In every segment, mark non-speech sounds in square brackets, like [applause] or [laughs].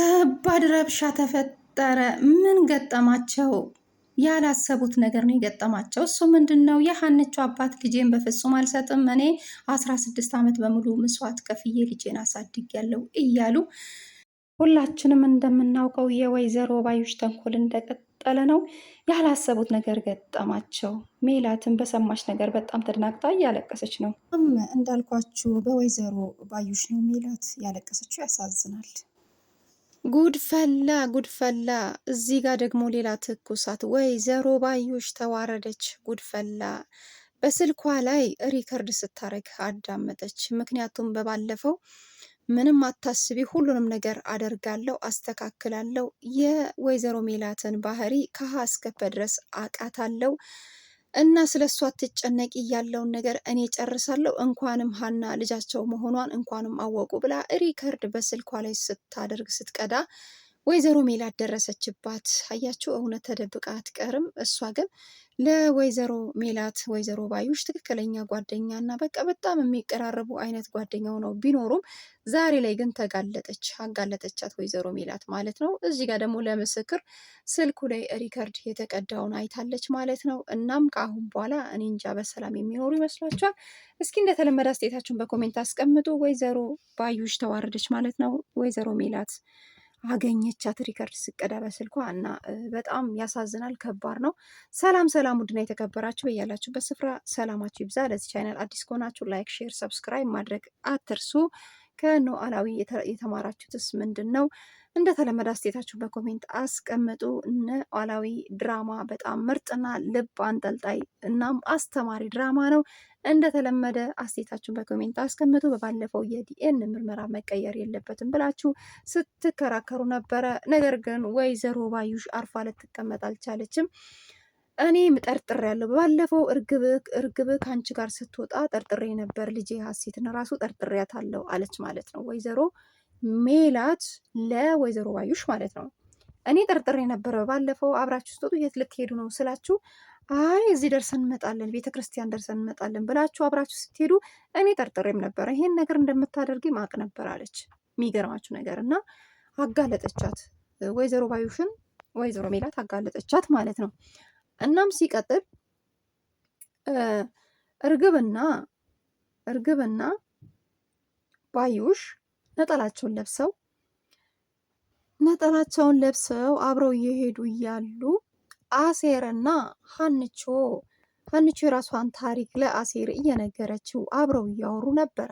ከባድ ረብሻ ተፈጠረ። ምን ገጠማቸው? ያላሰቡት ነገር ነው የገጠማቸው። እሱ ምንድን ነው የሀንቹ አባት ልጄን በፍጹም አልሰጥም፣ እኔ አስራ ስድስት ዓመት በሙሉ ምስዋት ከፍዬ ልጄን ያለው እያሉ ሁላችንም እንደምናውቀው የወይዘሮ ባዩሽ ተንኮል እንደቀጠለ ነው። ያላሰቡት ነገር ገጠማቸው። ሜላትን በሰማች ነገር በጣም ተደናግጣ እያለቀሰች ነው። እንዳልኳችሁ በወይዘሮ ባዩሽ ነው ሜላት ያለቀሰችው። ያሳዝናል። ጉድፈላ ጉድፈላ። እዚህ ጋር ደግሞ ሌላ ትኩሳት። ወይዘሮ ባዩሽ ተዋረደች። ጉድፈላ በስልኳ ላይ ሪከርድ ስታረግ አዳመጠች። ምክንያቱም በባለፈው ምንም አታስቢ፣ ሁሉንም ነገር አደርጋለሁ፣ አስተካክላለሁ፣ የወይዘሮ ሜላትን ባህሪ ከሀ እስከ ፐ ድረስ አቃታለሁ እና ስለ እሷ ትጨነቂ ያለውን ነገር እኔ ጨርሳለሁ። እንኳንም ሀና ልጃቸው መሆኗን እንኳንም አወቁ ብላ ሪከርድ በስልኳ ላይ ስታደርግ ስትቀዳ ወይዘሮ ሜላት ደረሰችባት። አያችሁ እውነት ተደብቃ አትቀርም። እሷ ግን ለወይዘሮ ሜላት ወይዘሮ ባዩሽ ትክክለኛ ጓደኛ እና በቃ በጣም የሚቀራረቡ አይነት ጓደኛ ሆነው ቢኖሩም ዛሬ ላይ ግን ተጋለጠች፣ አጋለጠቻት ወይዘሮ ሜላት ማለት ነው። እዚህ ጋር ደግሞ ለምስክር ስልኩ ላይ ሪከርድ የተቀዳውን አይታለች ማለት ነው። እናም ከአሁን በኋላ እኔ እንጃ በሰላም የሚኖሩ ይመስሏቸዋል? እስኪ እንደተለመደ አስተያየታችሁን በኮሜንት አስቀምጡ። ወይዘሮ ባዩሽ ተዋረደች ማለት ነው። ወይዘሮ ሜላት አገኘቻት ሪከርድ ስቀዳ በስልኳ እና በጣም ያሳዝናል። ከባድ ነው። ሰላም ሰላም፣ ውድና የተከበራችሁ በያላችሁበት በስፍራ ሰላማችሁ ይብዛ። ለዚህ ቻይናል አዲስ ከሆናችሁ ላይክ፣ ሼር፣ ሰብስክራይብ ማድረግ አትርሱ። ከኖላዊ የተማራችሁትስ ምንድን ነው? እንደተለመደ አስተያየታችሁ በኮሜንት አስቀምጡ። ኖላዊ ድራማ በጣም ምርጥና ልብ አንጠልጣይ እናም አስተማሪ ድራማ ነው። እንደተለመደ አስተያየታችሁን በኮሜንት አስቀምጡ። በባለፈው የዲኤን ምርመራ መቀየር የለበትም ብላችሁ ስትከራከሩ ነበረ። ነገር ግን ወይዘሮ ባዩሽ አርፋ ልትቀመጥ አልቻለችም። እኔ ምጠርጥር ያለው ባለፈው እርግብ እርግብ ከአንቺ ጋር ስትወጣ ጠርጥሬ ነበር፣ ልጄ ሀሴትን ራሱ ጠርጥሬያታለሁ አለች ማለት ነው ወይዘሮ ሜላት ለወይዘሮ ባዩሽ ማለት ነው። እኔ ጠርጥሬ የነበረ ባለፈው አብራችሁ ስትወጡ የት ልትሄዱ ነው ስላችሁ አይ እዚህ ደርሰን እንመጣለን፣ ቤተ ክርስቲያን ደርሰን እንመጣለን ብላችሁ አብራችሁ ስትሄዱ እኔ ጠርጥሬም ነበረ ይሄን ነገር እንደምታደርጊ ማቅ ነበር አለች። የሚገርማችሁ ነገር እና አጋለጠቻት ወይዘሮ ባዩሽን ወይዘሮ ሜላት አጋለጠቻት ማለት ነው። እናም ሲቀጥል እርግብና እርግብና ባዩሽ ነጠላቸውን ለብሰው ነጠላቸውን ለብሰው አብረው እየሄዱ እያሉ አሴርና ሀንቾ ሀንቾ የራሷን ታሪክ ለአሴር እየነገረችው አብረው እያወሩ ነበረ።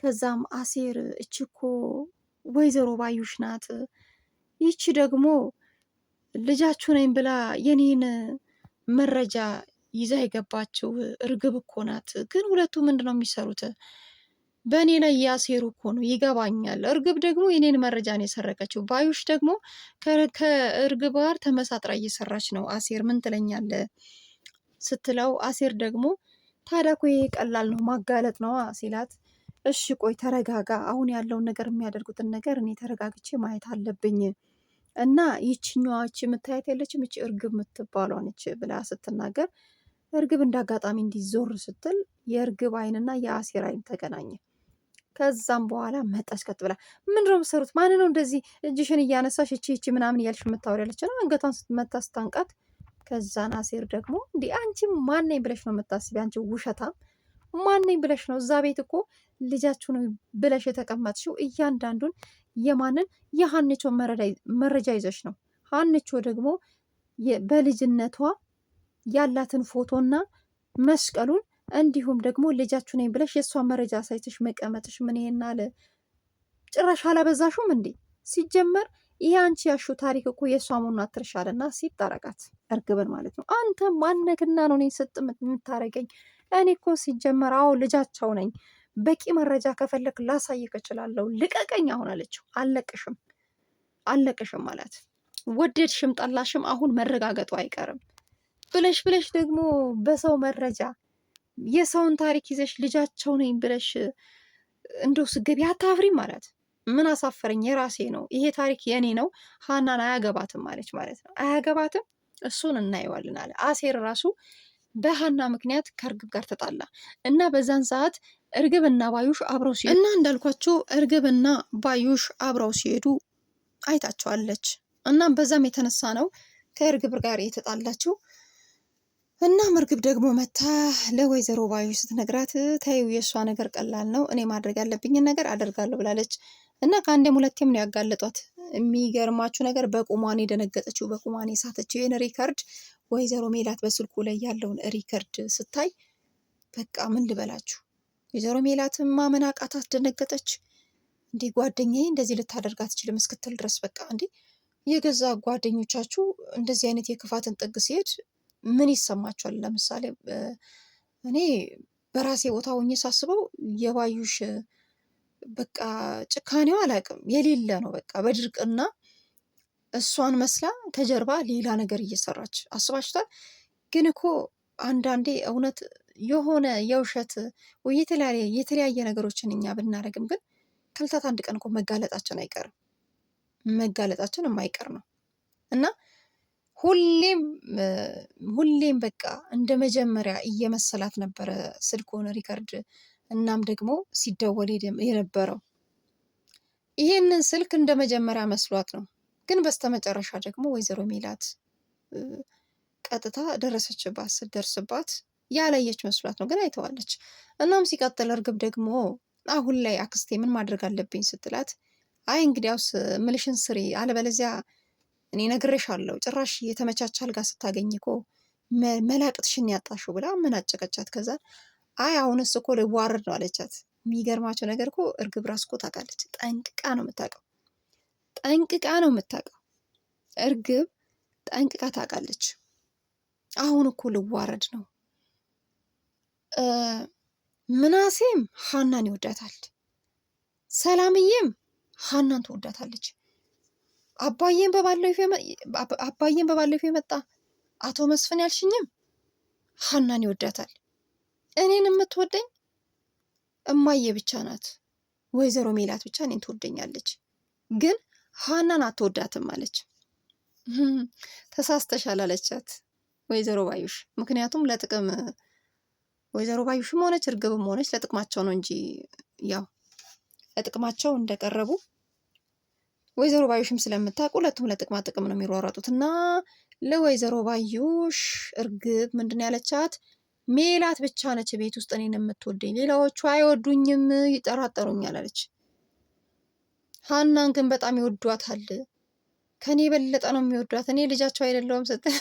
ከዛም አሴር እችኮ እኮ ወይዘሮ ባዩሽ ናት፣ ይቺ ደግሞ ልጃችሁ ነኝ ብላ የኔን መረጃ ይዛ የገባችው እርግብ እኮ ናት። ግን ሁለቱ ምንድን ነው የሚሰሩት? በእኔ ላይ ያሴሩ እኮ ነው ይገባኛል። እርግብ ደግሞ የኔን መረጃ ነው የሰረቀችው። ባዩሽ ደግሞ ከእርግብ ጋር ተመሳጥራ እየሰራች ነው። አሴር ምን ትለኛለ ስትለው፣ አሴር ደግሞ ታዲያ እኮ ይሄ ቀላል ነው ማጋለጥ ነው ሲላት፣ እሺ ቆይ ተረጋጋ፣ አሁን ያለውን ነገር የሚያደርጉትን ነገር እኔ ተረጋግቼ ማየት አለብኝ እና ይችኛዋች የምታየት የለችም እች እርግብ የምትባሏ ነች ብላ ስትናገር፣ እርግብ እንዳጋጣሚ እንዲዞር ስትል የእርግብ አይንና የአሴር አይን ተገናኘ። ከዛም በኋላ መጣች ቀጥ ብላ ምንድን ነው የምትሰሩት? ማን ነው እንደዚህ እጅሽን እያነሳሽ እቺ እቺ ምናምን እያልሽ ያለች ነው አንገቷን ስትመታ ስታንቃት። ከዛ ናሴር ደግሞ እንዲህ አንቺ ማነኝ ብለሽ ነው የምታስቢ? አንቺ ውሸታም ማነኝ ብለሽ ነው እዛ ቤት እኮ ልጃችሁ ነው ብለሽ የተቀመጥሽው። እያንዳንዱን የማንን የሀንቾ መረጃ ይዘሽ ነው። ሀንቾ ደግሞ በልጅነቷ ያላትን ፎቶና መስቀሉን እንዲሁም ደግሞ ልጃችሁ ነኝ ብለሽ የእሷን መረጃ ሳይትሽ መቀመጥሽ ምን ይሄን አለ ጭራሽ አላበዛሹም እንዴ? ሲጀመር ይሄ አንቺ ያሹ ታሪክ እኮ የእሷ መሆኑን አትርሻለና ሲጣረቃት እርግብን ማለት ነው። አንተ ማነክና ነው እኔን ስጥ የምታረገኝ? እኔ እኮ ሲጀመር አዎ ልጃቸው ነኝ። በቂ መረጃ ከፈለክ ላሳይክ እችላለሁ። ልቀቀኝ አሁን አለችው። አለቅሽም አለቅሽም ማለት ወደድሽም ጠላሽም አሁን መረጋገጡ አይቀርም ብለሽ ብለሽ ደግሞ በሰው መረጃ የሰውን ታሪክ ይዘሽ ልጃቸው ነኝ ብለሽ እንደው ስገቢ አታፍሪም ማለት ምን አሳፈረኝ? የራሴ ነው ይሄ ታሪክ የኔ ነው። ሀናን አያገባትም አለች ማለት ነው። አያገባትም እሱን እናየዋልን አለ አሴር ራሱ በሀና ምክንያት ከእርግብ ጋር ተጣላ እና በዛን ሰዓት እርግብ እና ባዩሽ አብረው ሲሄዱ እና እንዳልኳቸው እርግብ እና ባዩሽ አብረው ሲሄዱ አይታቸዋለች። እናም በዛም የተነሳ ነው ከእርግብ ጋር የተጣላችው። እና ምርግብ ደግሞ መታ ለወይዘሮ ባዩ ስትነግራት ተይው፣ የእሷ ነገር ቀላል ነው፣ እኔ ማድረግ ያለብኝን ነገር አደርጋለሁ ብላለች እና ከአንዴም ሁለቴም ነው ያጋለጧት። የሚገርማችሁ ነገር በቁሟኔ ደነገጠችው፣ በቁሟኔ የሳተችው ይህን ሪከርድ ወይዘሮ ሜላት በስልኩ ላይ ያለውን ሪከርድ ስታይ በቃ ምን ልበላችሁ፣ ወይዘሮ ሜላትም ማመን አቃታት፣ ደነገጠች። እንዲህ ጓደኛዬ እንደዚህ ልታደርግ አትችልም እስክትል ድረስ በቃ እንዲህ የገዛ ጓደኞቻችሁ እንደዚህ አይነት የክፋትን ጥግ ሲሄድ ምን ይሰማቸዋል? ለምሳሌ እኔ በራሴ ቦታ ሆኜ ሳስበው የባዩሽ በቃ ጭካኔው አላውቅም የሌለ ነው። በቃ በድርቅና እሷን መስላ ከጀርባ ሌላ ነገር እየሰራች አስባችታል። ግን እኮ አንዳንዴ እውነት የሆነ የውሸት ወይ የተለያየ ነገሮችን እኛ ብናደርግም ግን ከልታት አንድ ቀን እኮ መጋለጣችን አይቀርም መጋለጣችን የማይቀር ነው እና ሁሌም ሁሌም በቃ እንደ መጀመሪያ እየመሰላት ነበረ ስልኩን ሪከርድ እናም ደግሞ ሲደወል የነበረው ይህንን ስልክ እንደ መጀመሪያ መስሏት ነው። ግን በስተመጨረሻ ደግሞ ወይዘሮ ሜላት ቀጥታ ደረሰችባት። ስትደርስባት ያለየች መስሏት ነው፣ ግን አይተዋለች። እናም ሲቀጥል እርግብ ደግሞ አሁን ላይ አክስቴ ምን ማድረግ አለብኝ ስትላት አይ እንግዲያውስ ምልሽን ስሪ አለበለዚያ እኔ ነግሬሻለሁ፣ ጭራሽ የተመቻቸ አልጋ ስታገኝ እኮ መላቅትሽን ያጣሽው ብላ ምን አጨቀቻት። ከዛ አይ አሁንስ እኮ ልዋረድ ነው አለቻት። የሚገርማቸው ነገር እኮ እርግብ ራስ እኮ ታውቃለች፣ ጠንቅቃ ነው የምታውቀው፣ ጠንቅቃ ነው የምታውቀው። እርግብ ጠንቅቃ ታውቃለች። አሁን እኮ ልዋረድ ነው። ምናሴም ሀናን ይወዳታል፣ ሰላምዬም ሀናን ትወዳታለች። አባዬን በባለፈው የመጣ አቶ መስፍን ያልሽኝም ሀናን ይወዳታል። እኔን የምትወደኝ እማዬ ብቻ ናት። ወይዘሮ ሜላት ብቻ እኔን ትወደኛለች፣ ግን ሀናን አትወዳትም አለች። ተሳስተሻል አለቻት ወይዘሮ ባዩሽ። ምክንያቱም ለጥቅም ወይዘሮ ባዩሽም ሆነች እርግብም ሆነች ለጥቅማቸው ነው እንጂ ያው ለጥቅማቸው እንደቀረቡ ወይዘሮ ባዩሽም ስለምታውቅ ሁለቱም ለጥቅማ ጥቅም ነው የሚሯረጡት እና ለወይዘሮ ባዩሽ እርግብ ምንድን ያለቻት ሜላት ብቻ ነች ቤት ውስጥ እኔን የምትወደኝ፣ ሌላዎቹ አይወዱኝም፣ ይጠራጠሩኛል አለች። ሀናን ግን በጣም ይወዷታል። ከኔ የበለጠ ነው የሚወዷት፣ እኔ ልጃቸው አይደለውም ስትል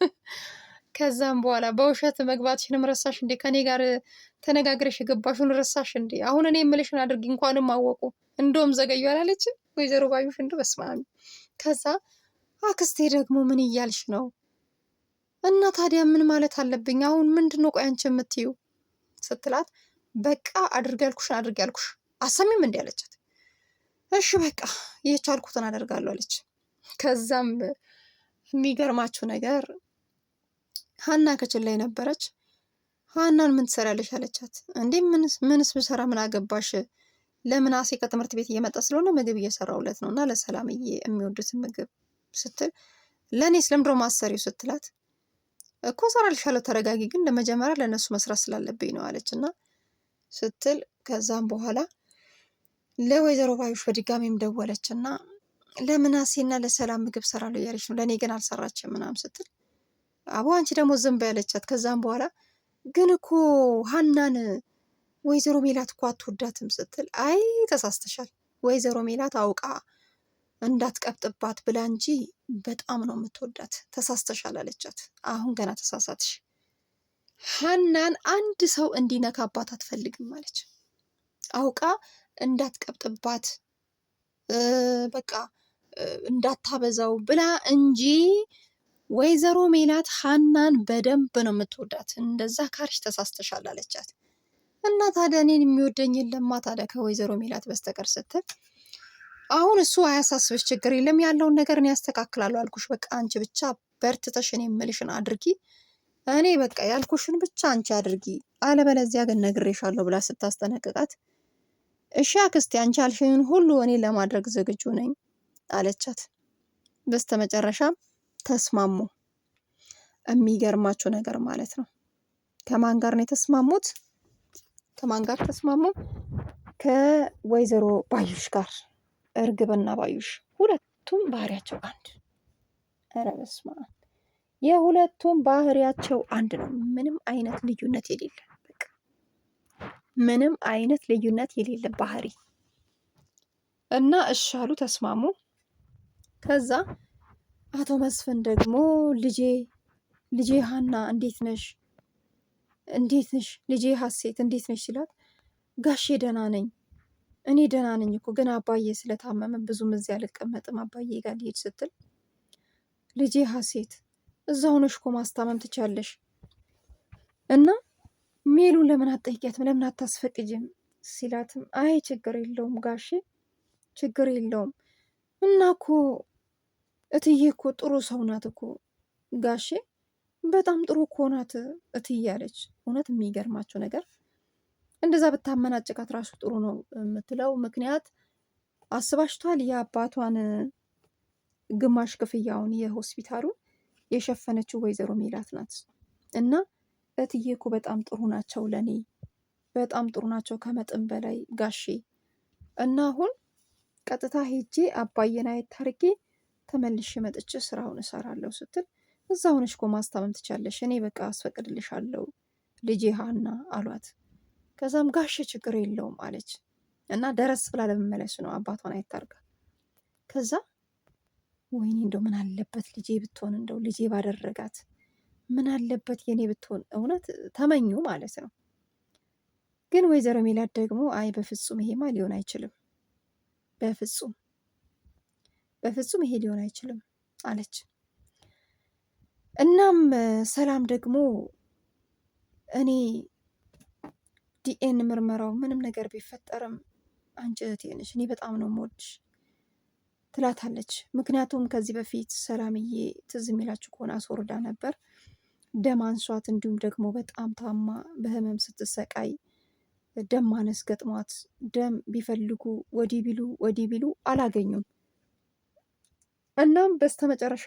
[laughs] ከዛም በኋላ በውሸት መግባትሽንም ረሳሽ እንዴ? ከኔ ጋር ተነጋግረሽ የገባሽውን ረሳሽ እንዴ? አሁን እኔ የምልሽን አድርጊ፣ እንኳንም አወቁ፣ እንደውም ዘገዩ አላለች ወይዘሮ ባዩሽ? እንዱ በስማሚ። ከዛ አክስቴ ደግሞ ምን እያልሽ ነው? እና ታዲያ ምን ማለት አለብኝ አሁን? ምንድን ነው ቆይ አንቺ የምትዩ ስትላት፣ በቃ አድርግ ያልኩሽን አድርግ ያልኩሽ አሰሚም እንዲ አለቻት። እሺ በቃ የቻልኩትን አደርጋለሁ አለች። ከዛም የሚገርማችሁ ነገር ሀና ክችን ላይ ነበረች። ሀናን ምን ትሰሪያለሽ አለቻት። እንዴ ምንስ ብሰራ ምን አገባሽ? ለምናሴ ከትምህርት ቤት እየመጣ ስለሆነ ምግብ እየሰራውለት ነው እና ለሰላምዬ የሚወዱትን ምግብ ስትል ለእኔ ስለምድሮ ማሰሪው ስትላት እኮ አለው ተረጋጊ፣ ግን ለመጀመሪያ ለእነሱ መስራት ስላለብኝ ነው አለች እና ስትል ከዛም በኋላ ለወይዘሮ ባዩሽ በድጋሚም ደወለች እና አሴና ለሰላም ምግብ ሰራለሁ እያለች ነው ለእኔ ግን አልሰራችም ምናምን ስትል አቦ አንቺ ደግሞ ዝም በይ ከዛም በኋላ ግን እኮ ሀናን ወይዘሮ ሜላት እኮ አትወዳትም ስትል አይ ተሳስተሻል፣ ወይዘሮ ሜላት አውቃ እንዳትቀብጥባት ብላ እንጂ በጣም ነው የምትወዳት፣ ተሳስተሻል አለቻት። አሁን ገና ተሳሳትሽ፣ ሀናን አንድ ሰው እንዲነካባት አትፈልግም አለች። አውቃ እንዳትቀብጥባት በቃ እንዳታበዛው ብላ እንጂ ወይዘሮ ሜላት ሀናን በደንብ ነው የምትወዳት። እንደዛ ካርሽ ተሳስተሻል አለቻት። እና ታዲያ እኔን የሚወደኝ የለማ ታዲያ ከወይዘሮ ሜላት በስተቀር ስትል አሁን እሱ አያሳስብሽ፣ ችግር የለም ያለውን ነገር እኔ ያስተካክላሉ አልኩሽ። በቃ አንቺ ብቻ በርትተሽ እኔ የምልሽን አድርጊ፣ እኔ በቃ ያልኩሽን ብቻ አንቺ አድርጊ፣ አለበለዚያ ግን ነግሬሻለሁ ብላ ስታስጠነቅቃት፣ እሺ አክስቴ አንቺ ያልሽኝን ሁሉ እኔ ለማድረግ ዝግጁ ነኝ አለቻት። በስተመጨረሻም ተስማሙ። የሚገርማቸው ነገር ማለት ነው። ከማን ጋር ነው የተስማሙት? ከማን ጋር ተስማሙ? ከወይዘሮ ባዩሽ ጋር እርግብና ባዩሽ ሁለቱም ባህሪያቸው አንድ። ኧረ በስመ አብ! የሁለቱም ባህሪያቸው አንድ ነው። ምንም አይነት ልዩነት የሌለ በቃ ምንም አይነት ልዩነት የሌለ ባህሪ እና እሻሉ ተስማሙ። ከዛ አቶ መስፍን ደግሞ ልጄ ልጄ ሀና እንዴት ነሽ? እንዴት ነሽ ልጄ ሀሴት እንዴት ነሽ ሲላት፣ ጋሼ ደህና ነኝ እኔ ደህና ነኝ እኮ ግን አባዬ ስለታመመ ብዙም እዚህ አልቀመጥም አባዬ ጋር ልሄድ ስትል፣ ልጄ ሀሴት እዛ ሆነሽ እኮ ማስታመም ትቻለሽ እና ሜሉን ለምን አትጠይቂያትም ለምን አታስፈቅጅም ሲላትም፣ አይ ችግር የለውም ጋሼ ችግር የለውም እና እኮ እትዬ እኮ ጥሩ ሰው ናት እኮ ጋሼ፣ በጣም ጥሩ እኮ ናት እትዬ አለች። እውነት የሚገርማችሁ ነገር እንደዛ ብታመናጭቃት ራሱ ጥሩ ነው የምትለው ምክንያት አስባሽቷል። የአባቷን ግማሽ ክፍያውን የሆስፒታሉን የሸፈነችው ወይዘሮ ሜላት ናት። እና እትዬ እኮ በጣም ጥሩ ናቸው፣ ለኔ በጣም ጥሩ ናቸው ከመጠን በላይ ጋሼ። እና አሁን ቀጥታ ሄጄ አባዬን አየት አድርጌ ተመልሼ መጥቼ ስራውን እሰራለሁ ስትል እዛ ሆነሽ እኮ ማስታመም ትቻለሽ፣ እኔ በቃ አስፈቅድልሻለሁ ልጄ ሀና አሏት። ከዛም ጋሼ ችግር የለውም አለች እና ደረስ ብላ ለመመለስ ነው አባቷን አይታርጋ። ከዛ ወይኔ እንደው ምን አለበት ልጄ ብትሆን፣ እንደው ልጄ ባደረጋት ምን አለበት የኔ ብትሆን፣ እውነት ተመኙ ማለት ነው። ግን ወይዘሮ ሜላት ደግሞ አይ በፍጹም ይሄማ ሊሆን አይችልም በፍጹም በፍጹም ይሄ ሊሆን አይችልም አለች። እናም ሰላም ደግሞ እኔ ዲኤን ምርመራው ምንም ነገር ቢፈጠርም አንቺ እህቴ ነሽ፣ እኔ በጣም ነው የምወድሽ ትላታለች። ምክንያቱም ከዚህ በፊት ሰላምዬ ትዝ የሚላችሁ ከሆነ አስወርዳ ነበር ደም አንሷት፣ እንዲሁም ደግሞ በጣም ታማ በህመም ስትሰቃይ ደም ማነስ ገጥሟት ደም ቢፈልጉ ወዲህ ቢሉ ወዲህ ቢሉ አላገኙም። እናም በስተመጨረሻ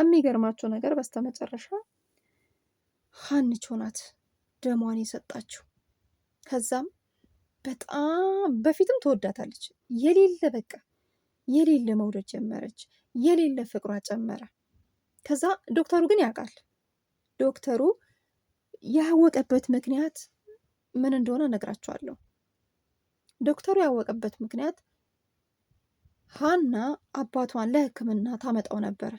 የሚገርማቸው ነገር በስተመጨረሻ ሀንቾ ናት ደሟን የሰጣችው። ከዛም በጣም በፊትም ትወዳታለች የሌለ በቃ የሌለ መውደድ ጀመረች፣ የሌለ ፍቅሯ ጨመረ። ከዛ ዶክተሩ ግን ያውቃል። ዶክተሩ ያወቀበት ምክንያት ምን እንደሆነ እነግራቸዋለሁ። ዶክተሩ ያወቀበት ምክንያት ሀና አባቷን ለሕክምና ታመጣው ነበረ።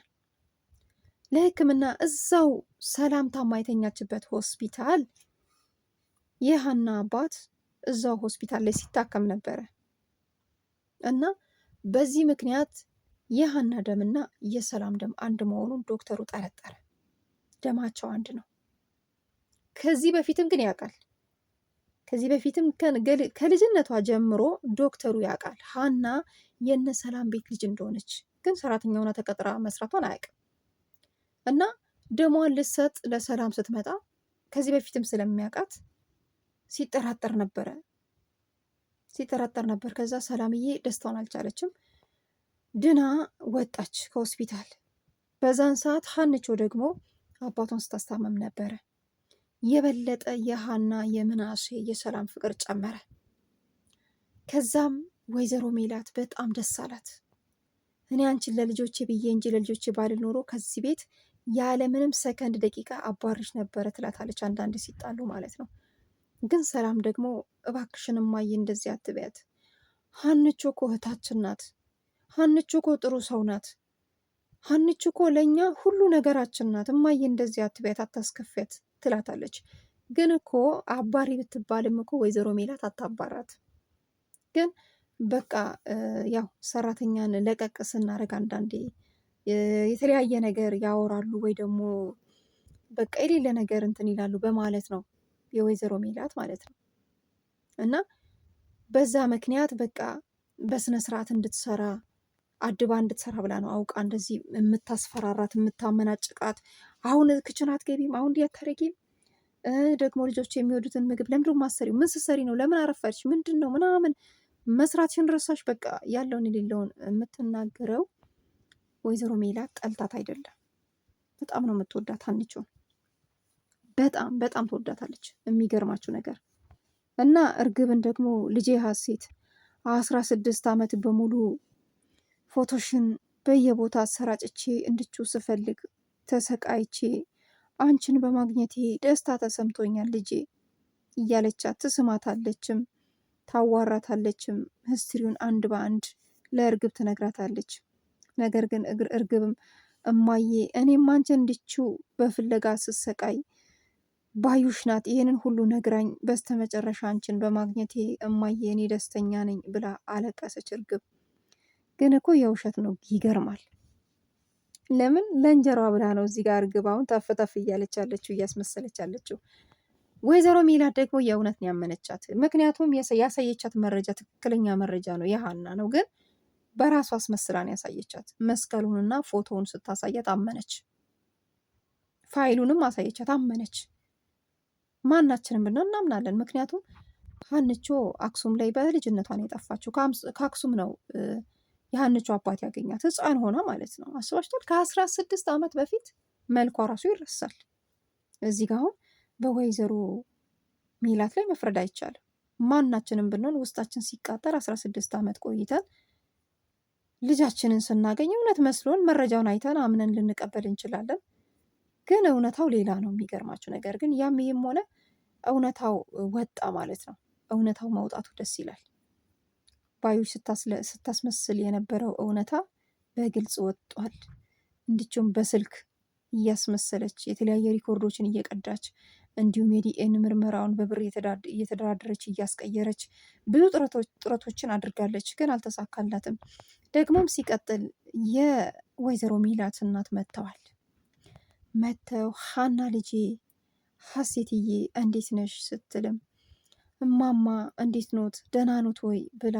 ለሕክምና እዛው ሰላም ማይተኛችበት ሆስፒታል የሀና አባት እዛው ሆስፒታል ላይ ሲታከም ነበረ እና በዚህ ምክንያት የሀና ደምና የሰላም ደም አንድ መሆኑን ዶክተሩ ጠረጠረ። ደማቸው አንድ ነው። ከዚህ በፊትም ግን ያውቃል ከዚህ በፊትም ከልጅነቷ ጀምሮ ዶክተሩ ያውቃል ሀና የነ ሰላም ቤት ልጅ እንደሆነች፣ ግን ሰራተኛ ሆና ተቀጥራ መስራቷን አያውቅም። እና ደሟን ልሰጥ ለሰላም ስትመጣ ከዚህ በፊትም ስለሚያውቃት ሲጠራጠር ነበረ ሲጠራጠር ነበር። ከዛ ሰላምዬ ደስታውን አልቻለችም፣ ድና ወጣች ከሆስፒታል። በዛን ሰዓት ሀንቾ ደግሞ አባቷን ስታስታመም ነበረ። የበለጠ የሃና የምናሴ የሰላም ፍቅር ጨመረ። ከዛም ወይዘሮ ሜላት በጣም ደስ አላት። እኔ አንቺን ለልጆቼ ብዬ እንጂ ለልጆቼ ባልል ኖሮ ከዚህ ቤት ያለምንም ሰከንድ ደቂቃ አባሪሽ ነበረ ትላታለች። አንዳንድ ሲጣሉ ማለት ነው። ግን ሰላም ደግሞ እባክሽን እማዬ እንደዚህ አትበያት፣ ሀንቾ እኮ እህታችን ናት። ሀንቾ እኮ ጥሩ ሰው ናት። ሀንቾ እኮ ለእኛ ሁሉ ነገራችን ናት። እማዬ እንደዚህ አትበያት፣ አታስከፊያት ትላታለች። ግን እኮ አባሪ ብትባልም እኮ ወይዘሮ ሜላት አታባራት። ግን በቃ ያው ሰራተኛን ለቀቅ ስናደርግ አንዳንዴ የተለያየ ነገር ያወራሉ ወይ ደግሞ በቃ የሌለ ነገር እንትን ይላሉ በማለት ነው የወይዘሮ ሜላት ማለት ነው። እና በዛ ምክንያት በቃ በስነ ስርዓት እንድትሰራ አድባ እንድትሰራ ብላ ነው አውቃ እንደዚህ የምታስፈራራት የምታመናጭቃት አሁን ክችን አትገቢም፣ አሁን እንዲህ አታረጊም፣ ደግሞ ልጆች የሚወዱትን ምግብ ለምንድን ነው ምን ስሰሪ ነው? ለምን አረፈድሽ? ምንድን ነው ምናምን መስራትሽን ረሳሽ? በቃ ያለውን የሌለውን የምትናገረው ወይዘሮ ሜላ ጠልታት አይደለም። በጣም ነው የምትወዳት ሀኒቾን በጣም በጣም ትወዳታለች። የሚገርማችሁ ነገር እና እርግብን ደግሞ ልጄ ሀሴት አስራ ስድስት ዓመት በሙሉ ፎቶሽን በየቦታ አሰራጭቼ እንድችው ስፈልግ ተሰቃይቼ አንቺን በማግኘቴ ደስታ ተሰምቶኛል ልጄ እያለቻት ትስማታለችም፣ ታዋራታለችም። ህስትሪውን አንድ በአንድ ለእርግብ ትነግራታለች። ነገር ግን እርግብም እማዬ እኔም አንቺን እንድችው በፍለጋ ስሰቃይ ባዩሽ ናት ይህንን ሁሉ ነግራኝ በስተመጨረሻ አንቺን በማግኘቴ እማዬ እኔ ደስተኛ ነኝ ብላ አለቀሰች። እርግብ ግን እኮ የውሸት ነው። ይገርማል። ለምን ለእንጀራዋ ብላ ነው እዚህ ጋር ግባውን አሁን እያለች ያለችው እያስመሰለች ያለችው። ወይዘሮ ሜላት ደግሞ የእውነት ነው ያመነቻት። ምክንያቱም ያሳየቻት መረጃ ትክክለኛ መረጃ ነው የሀና ነው፣ ግን በራሷ አስመስላን ያሳየቻት። መስቀሉንና ፎቶውን ስታሳያት አመነች። ፋይሉንም አሳየቻት አመነች። ማናችንም ብና እናምናለን። ምክንያቱም ሀንቾ አክሱም ላይ በልጅነቷ የጠፋችው። ከአክሱም ነው የሀንቹ አባት ያገኛት ህፃን ሆና ማለት ነው። አስባችቷል። ከአስራ ስድስት ዓመት በፊት መልኳ ራሱ ይረሳል። እዚህ ጋ አሁን በወይዘሮ ሚላት ላይ መፍረድ አይቻልም። ማናችንም ብንሆን ውስጣችን ሲቃጠል አስራ ስድስት ዓመት ቆይተን ልጃችንን ስናገኝ እውነት መስሎን መረጃውን አይተን አምነን ልንቀበል እንችላለን። ግን እውነታው ሌላ ነው። የሚገርማችሁ ነገር ግን ያም ይህም ሆነ እውነታው ወጣ ማለት ነው። እውነታው መውጣቱ ደስ ይላል። ባዩ ስታስመስል የነበረው እውነታ በግልጽ ወጥቷል። እንዲችም በስልክ እያስመሰለች የተለያየ ሪኮርዶችን እየቀዳች እንዲሁም የዲኤን ምርመራውን በብር እየተደራደረች እያስቀየረች ብዙ ጥረቶችን አድርጋለች፣ ግን አልተሳካላትም። ደግሞም ሲቀጥል የወይዘሮ ሚላት እናት መጥተዋል። መጥተው ሀና ልጄ፣ ሀሴትዬ እንዴት ነሽ ስትልም እማማ እንዴት ኖት ደህና ኖት ወይ ብላ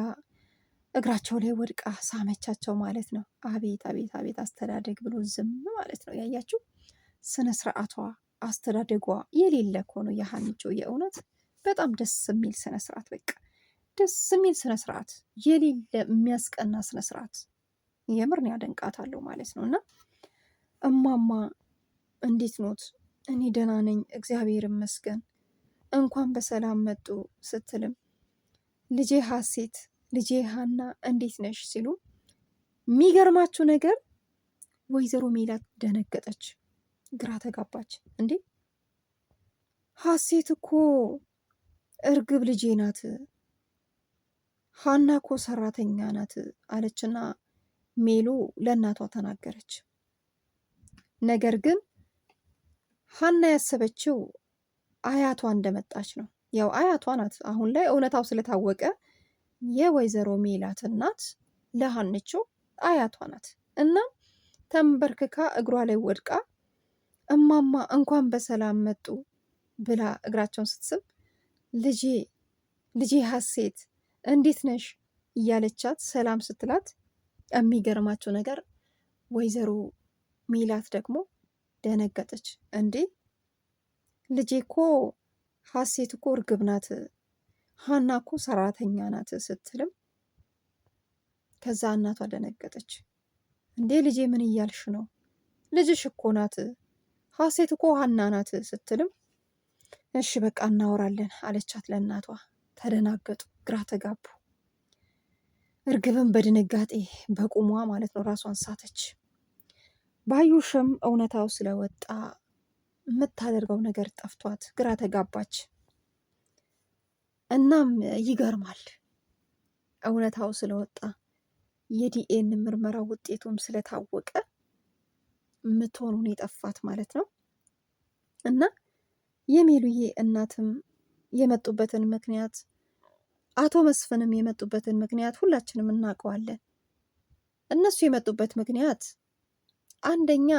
እግራቸው ላይ ወድቃ ሳመቻቸው ማለት ነው። አቤት አቤት አቤት አስተዳደግ ብሎ ዝም ማለት ነው። ያያችሁ ስነ ስርዓቷ አስተዳደጓ የሌለ እኮ ነው የእውነት በጣም ደስ የሚል ስነ ስርዓት በቃ ደስ የሚል ስነ ስርዓት የሌለ የሚያስቀና ስነ ስርዓት የምርን ያደንቃታለሁ ማለት ነው። እና እማማ እንዴት ኖት? እኔ ደህና ነኝ እግዚአብሔር ይመስገን እንኳን በሰላም መጡ ስትልም ልጄ ሀሴት ልጄ ሀና እንዴት ነሽ ሲሉ የሚገርማችሁ ነገር ወይዘሮ ሜላት ደነገጠች፣ ግራ ተጋባች። እንዴ ሀሴት እኮ እርግብ ልጄ ናት፣ ሀና እኮ ሰራተኛ ናት አለችና ሜሉ ለእናቷ ተናገረች። ነገር ግን ሀና ያሰበችው አያቷ እንደመጣች ነው። ያው አያቷ ናት። አሁን ላይ እውነታው ስለታወቀ የወይዘሮ ሜላት እናት ለሃንቾ አያቷ ናት። እናም ተንበርክካ እግሯ ላይ ወድቃ እማማ እንኳን በሰላም መጡ ብላ እግራቸውን ስትስብ ልጄ ልጄ ሀሴት እንዴት ነሽ እያለቻት ሰላም ስትላት የሚገርማቸው ነገር ወይዘሮ ሜላት ደግሞ ደነገጠች። እንዴ ልጄ እኮ ሀሴት እኮ እርግብ ናት ሀና እኮ ሰራተኛ ናት ስትልም ከዛ እናቷ ደነገጠች። እንዴ ልጄ ምን እያልሽ ነው? ልጅሽ እኮ ናት ሀሴት እኮ ሀና ናት ስትልም እሺ በቃ እናወራለን አለቻት ለእናቷ። ተደናገጡ፣ ግራ ተጋቡ። እርግብን በድንጋጤ በቁሟ ማለት ነው ራሷን ሳተች። ባዩሽም እውነታው ስለወጣ የምታደርገው ነገር ጠፍቷት ግራ ተጋባች። እናም ይገርማል እውነታው ስለወጣ የዲኤን ምርመራ ውጤቱም ስለታወቀ ምትሆኑን የጠፋት ማለት ነው። እና የሜሉዬ እናትም የመጡበትን ምክንያት አቶ መስፍንም የመጡበትን ምክንያት ሁላችንም እናውቀዋለን። እነሱ የመጡበት ምክንያት አንደኛ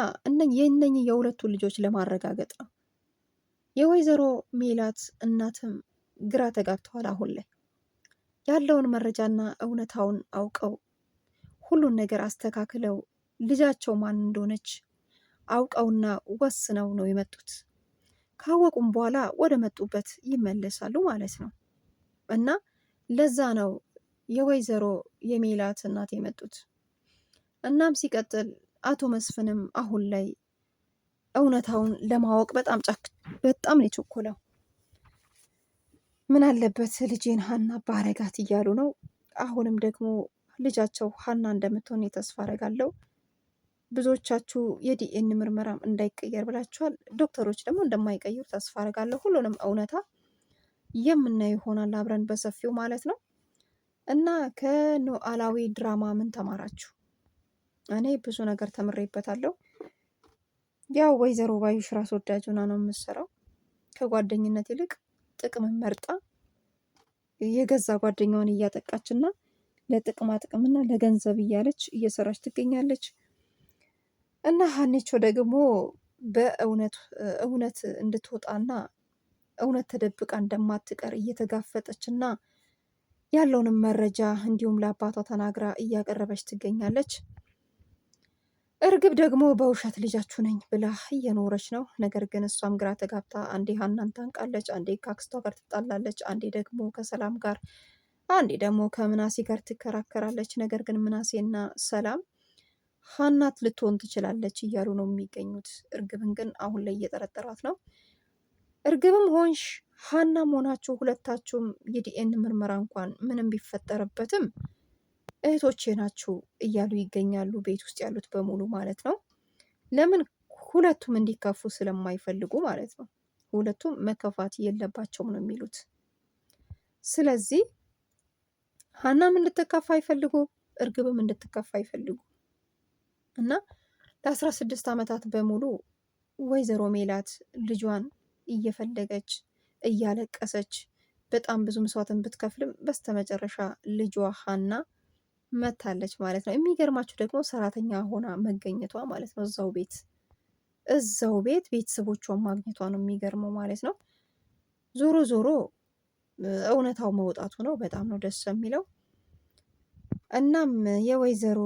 የእነኝህ የሁለቱ ልጆች ለማረጋገጥ ነው። የወይዘሮ ሜላት እናትም ግራ ተጋብተዋል። አሁን ላይ ያለውን መረጃና እውነታውን አውቀው ሁሉን ነገር አስተካክለው ልጃቸው ማን እንደሆነች አውቀውና ወስነው ነው የመጡት። ካወቁም በኋላ ወደ መጡበት ይመለሳሉ ማለት ነው እና ለዛ ነው የወይዘሮ የሜላት እናት የመጡት። እናም ሲቀጥል አቶ መስፍንም አሁን ላይ እውነታውን ለማወቅ በጣም ጫክ በጣም ነው የቸኮለው። ምን አለበት ልጄን ሀና ባረጋት እያሉ ነው። አሁንም ደግሞ ልጃቸው ሀና እንደምትሆን ተስፋ አረጋለሁ። ብዙዎቻችሁ የዲኤን ምርመራም እንዳይቀየር ብላችኋል። ዶክተሮች ደግሞ እንደማይቀይሩ ተስፋ አረጋለሁ። ሁሉንም እውነታ የምናየው ይሆናል አብረን በሰፊው ማለት ነው። እና ከኖላዊ ድራማ ምን ተማራችሁ? እኔ ብዙ ነገር ተምሬበታለሁ። ያው ወይዘሮ ባዩሽ ራስ ወዳጅ ሆና ነው የምትሰራው ከጓደኝነት ይልቅ ጥቅምን መርጣ የገዛ እያጠቃች እና ለጥቅማ ጥቅምና ለገንዘብ እያለች እየሰራች ትገኛለች። እና ሀኔቾ ደግሞ በእውነት እውነት እንድትወጣና እውነት ተደብቃ እንደማትቀር እየተጋፈጠችና ያለውንም መረጃ እንዲሁም ለአባቷ ተናግራ እያቀረበች ትገኛለች። እርግብ ደግሞ በውሸት ልጃችሁ ነኝ ብላ እየኖረች ነው። ነገር ግን እሷም ግራ ተጋብታ አንዴ ሀናን ታንቃለች፣ አንዴ ከአክስቷ ጋር ትጣላለች፣ አንዴ ደግሞ ከሰላም ጋር፣ አንዴ ደግሞ ከምናሴ ጋር ትከራከራለች። ነገር ግን ምናሴና ሰላም ሀናት ልትሆን ትችላለች እያሉ ነው የሚገኙት። እርግብን ግን አሁን ላይ እየጠረጠራት ነው። እርግብም ሆንሽ ሀናም ሆናችሁ ሁለታችሁም የዲኤን ምርመራ እንኳን ምንም ቢፈጠርበትም እህቶቼ ናችሁ እያሉ ይገኛሉ። ቤት ውስጥ ያሉት በሙሉ ማለት ነው። ለምን ሁለቱም እንዲከፉ ስለማይፈልጉ ማለት ነው። ሁለቱም መከፋት የለባቸውም ነው የሚሉት። ስለዚህ ሀናም እንድትከፋ አይፈልጉ፣ እርግብም እንድትከፋ አይፈልጉ እና ለአስራ ስድስት ዓመታት በሙሉ ወይዘሮ ሜላት ልጇን እየፈለገች እያለቀሰች በጣም ብዙ መስዋዕትን ብትከፍልም በስተመጨረሻ ልጇ ሀና መታለች ማለት ነው። የሚገርማችሁ ደግሞ ሰራተኛ ሆና መገኘቷ ማለት ነው። እዛው ቤት እዛው ቤት ቤተሰቦቿን ማግኘቷ ነው የሚገርመው ማለት ነው። ዞሮ ዞሮ እውነታው መውጣቱ ነው። በጣም ነው ደስ የሚለው። እናም የወይዘሮ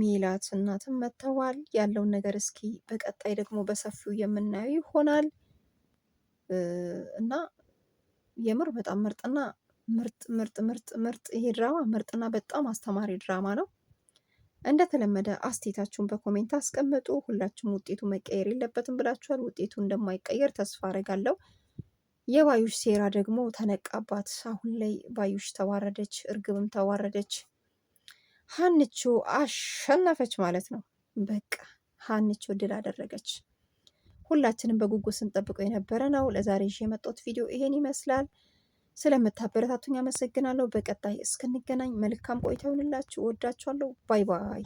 ሜላት እናትም መጥተዋል። ያለውን ነገር እስኪ በቀጣይ ደግሞ በሰፊው የምናየው ይሆናል እና የምር በጣም ምርጥና ምርጥ ምርጥ ምርጥ ምርጥ ይሄ ድራማ ምርጥና በጣም አስተማሪ ድራማ ነው። እንደተለመደ አስቴታችሁን በኮሜንት አስቀምጡ። ሁላችሁም ውጤቱ መቀየር የለበትም ብላችኋል። ውጤቱ እንደማይቀየር ተስፋ አረጋለሁ። የባዩሽ ሴራ ደግሞ ተነቃባት። አሁን ላይ ባዩሽ ተዋረደች፣ እርግብም ተዋረደች። ሀንቾ አሸነፈች ማለት ነው። በቃ ሀንቾ ድል አደረገች። ሁላችንም በጉጉት ስንጠብቀው የነበረ ነው። ለዛሬ ይዤ የመጣሁት ቪዲዮ ይሄን ይመስላል። ስለምታበረታቱኝ አመሰግናለሁ። በቀጣይ እስክንገናኝ መልካም ቆይታ ይሁንላችሁ። ወዳችኋለሁ። ባይ ባይ